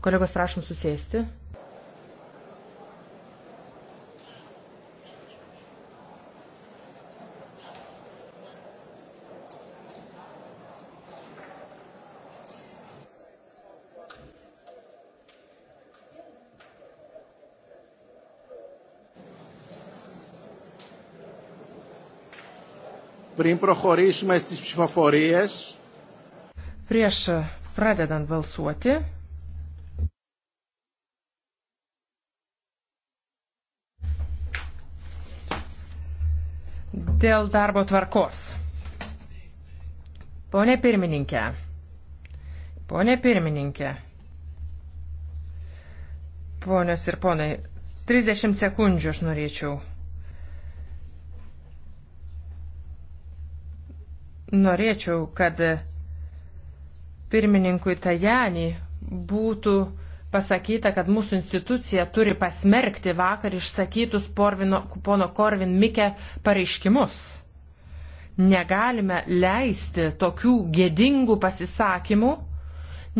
Kolegos, prašom susėsti. Πριν προχωρήσουμε στις ψηφοφορίες, Prieš uh, pradedant balsuoti, dėl darbo tvarkos. Pone pirmininkė, pone pirmininkė, ponios ir ponai, 30 sekundžių aš norėčiau. Norėčiau, kad pirmininkui Tajani būtų pasakyta, kad mūsų institucija turi pasmerkti vakar išsakytus porvino, pono Korvin Mikę pareiškimus. Negalime leisti tokių gėdingų pasisakymų,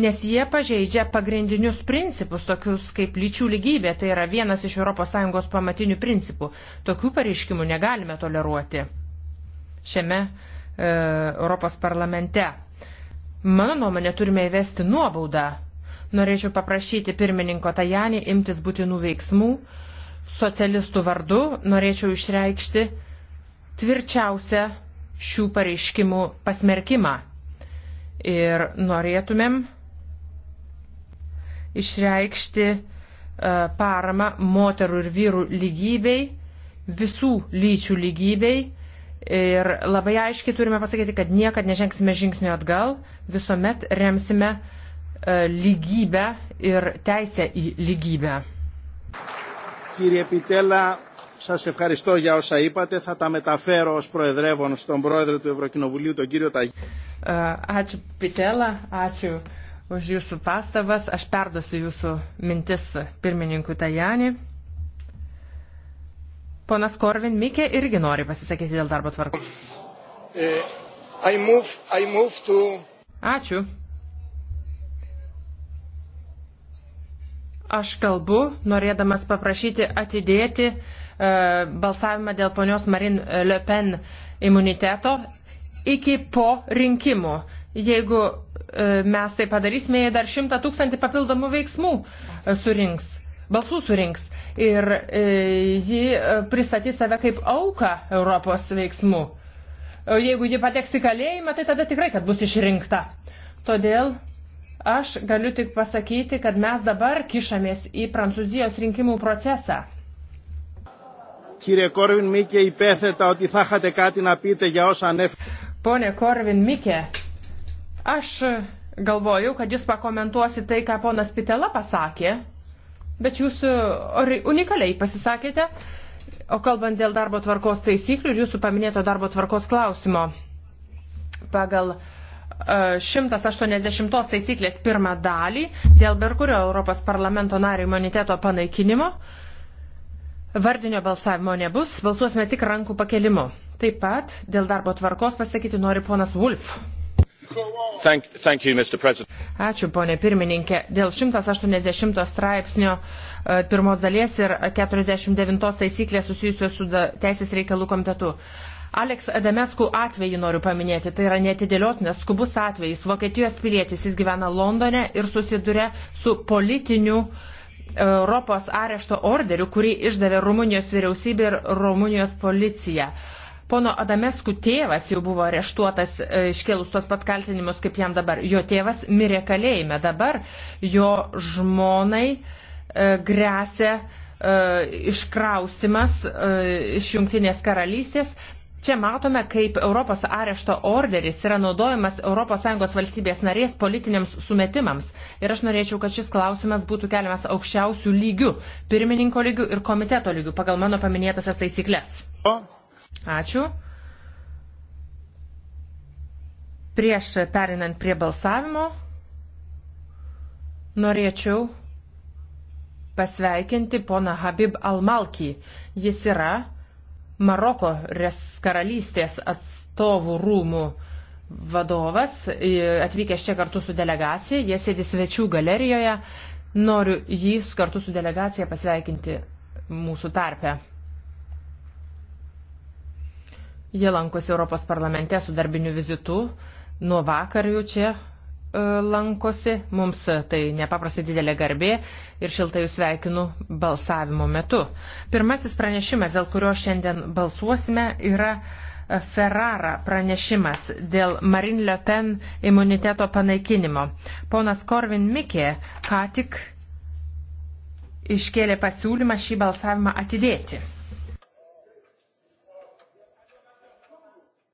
nes jie pažeidžia pagrindinius principus, tokius kaip lyčių lygybė, tai yra vienas iš ES pamatinių principų. Tokių pareiškimų negalime toleruoti šiame e, Europos parlamente. Mano nuomonė, turime įvesti nuobaudą Norėčiau paprašyti pirmininko Tajanį imtis būtinų veiksmų. Socialistų vardu norėčiau išreikšti tvirčiausią šių pareiškimų pasmerkimą. Ir norėtumėm išreikšti e, parama moterų ir vyrų lygybei, visų lyčių lygybei. Ir labai aiškiai turime pasakyti, kad niekad nežengsime žingsnio atgal, visuomet remsime uh, E, lygybę ir teisę į lygybę. Κύριε Πιτέλα, σας ευχαριστώ για όσα είπατε. Θα τα μεταφέρω ως Προεδρεύων στον Πρόεδρο του Ευρωκοινοβουλίου, τον κύριο Ταγί. Ačiū Pitela, ačiū už jūsų pastabas. Aš perduosiu jūsų mintis pirmininkui Tajani. Ponas Korvin Mikė irgi nori pasisakyti dėl darbo tvarkos. Eh, ačiū. Aš kalbu, norėdamas paprašyti atidėti e, balsavimą dėl ponios Marin e, Le Pen imuniteto iki po rinkimų. Jeigu e, mes tai padarysime, jie dar šimtą tūkstantį papildomų veiksmų e, surinks, balsų surinks. Ir e, ji e, pristatys save kaip auką Europos veiksmų. O e, jeigu ji pateks į kalėjimą, tai tada tikrai, kad bus išrinkta. Todėl Aš galiu tik pasakyti, kad mes dabar kišamės į Prancūzijos rinkimų procesą. Kyrie Korvin Mikė įpėsėta, ότι θα είχατε κάτι να πείτε για όσα ανέφερα. Pone Korvin Mikė, aš galvojau, kad jūs pakomentuosi tai, ką ponas Pitela pasakė, bet jūs unikaliai pasisakėte. O kalbant dėl darbo tvarkos taisyklių ir jūsų paminėto darbo tvarkos klausimo, pagal uh, 180 taisyklės pirmą dalį dėl berkurio Europos parlamento nario imuniteto panaikinimo. Vardinio balsavimo nebus, balsuosime tik rankų pakelimu. Taip pat dėl darbo tvarkos pasakyti nori ponas Wolf. Thank, thank you, Ačiū, ponė pirmininkė. Dėl 180 straipsnio e, pirmos dalies ir 49 taisyklės susijusios su teisės reikalų komitetu. Aleks Adameskų atvejį noriu paminėti, tai yra netidėliotinas skubus atvejis. Vokietijos pilietis, jis gyvena Londone ir susiduria su politiniu e, Europos arešto orderiu, kurį išdavė Rumunijos vyriausybė ir Rumunijos policija. Pono Adameskų tėvas jau buvo areštuotas e, iškėlus tos pat kaltinimus kaip jam dabar. Jo tėvas mirė kalėjime. Dabar jo žmonai e, grėsia e, iškrausimas e, iš Junktinės karalystės, Čia matome, kaip Europos arešto orderis yra naudojamas ES valstybės narės politiniams sumetimams. Ir aš norėčiau, kad šis klausimas būtų keliamas aukščiausių lygių - pirmininko lygių ir komiteto lygių pagal mano paminėtasias taisyklės. Ačiū. Prieš perinant prie balsavimo, norėčiau pasveikinti poną Habib Almalkį. Jis yra Maroko karalystės atstovų rūmų vadovas, atvykęs čia kartu su delegacija, jie sėdi svečių galerijoje, noriu jį kartu su delegacija pasveikinti mūsų tarpę. Jie lankosi Europos parlamente su darbiniu vizitu, nuo vakar jau čia E, lankosi. Mums tai nepaprastai didelė garbė ir šiltai jūs sveikinu balsavimo metu. Pirmasis pranešimas, dėl kurio šiandien balsuosime, yra Ferrara pranešimas dėl Marine Le Pen imuniteto panaikinimo. Ponas Korvin Mikė ką tik iškėlė pasiūlymą šį balsavimą atidėti.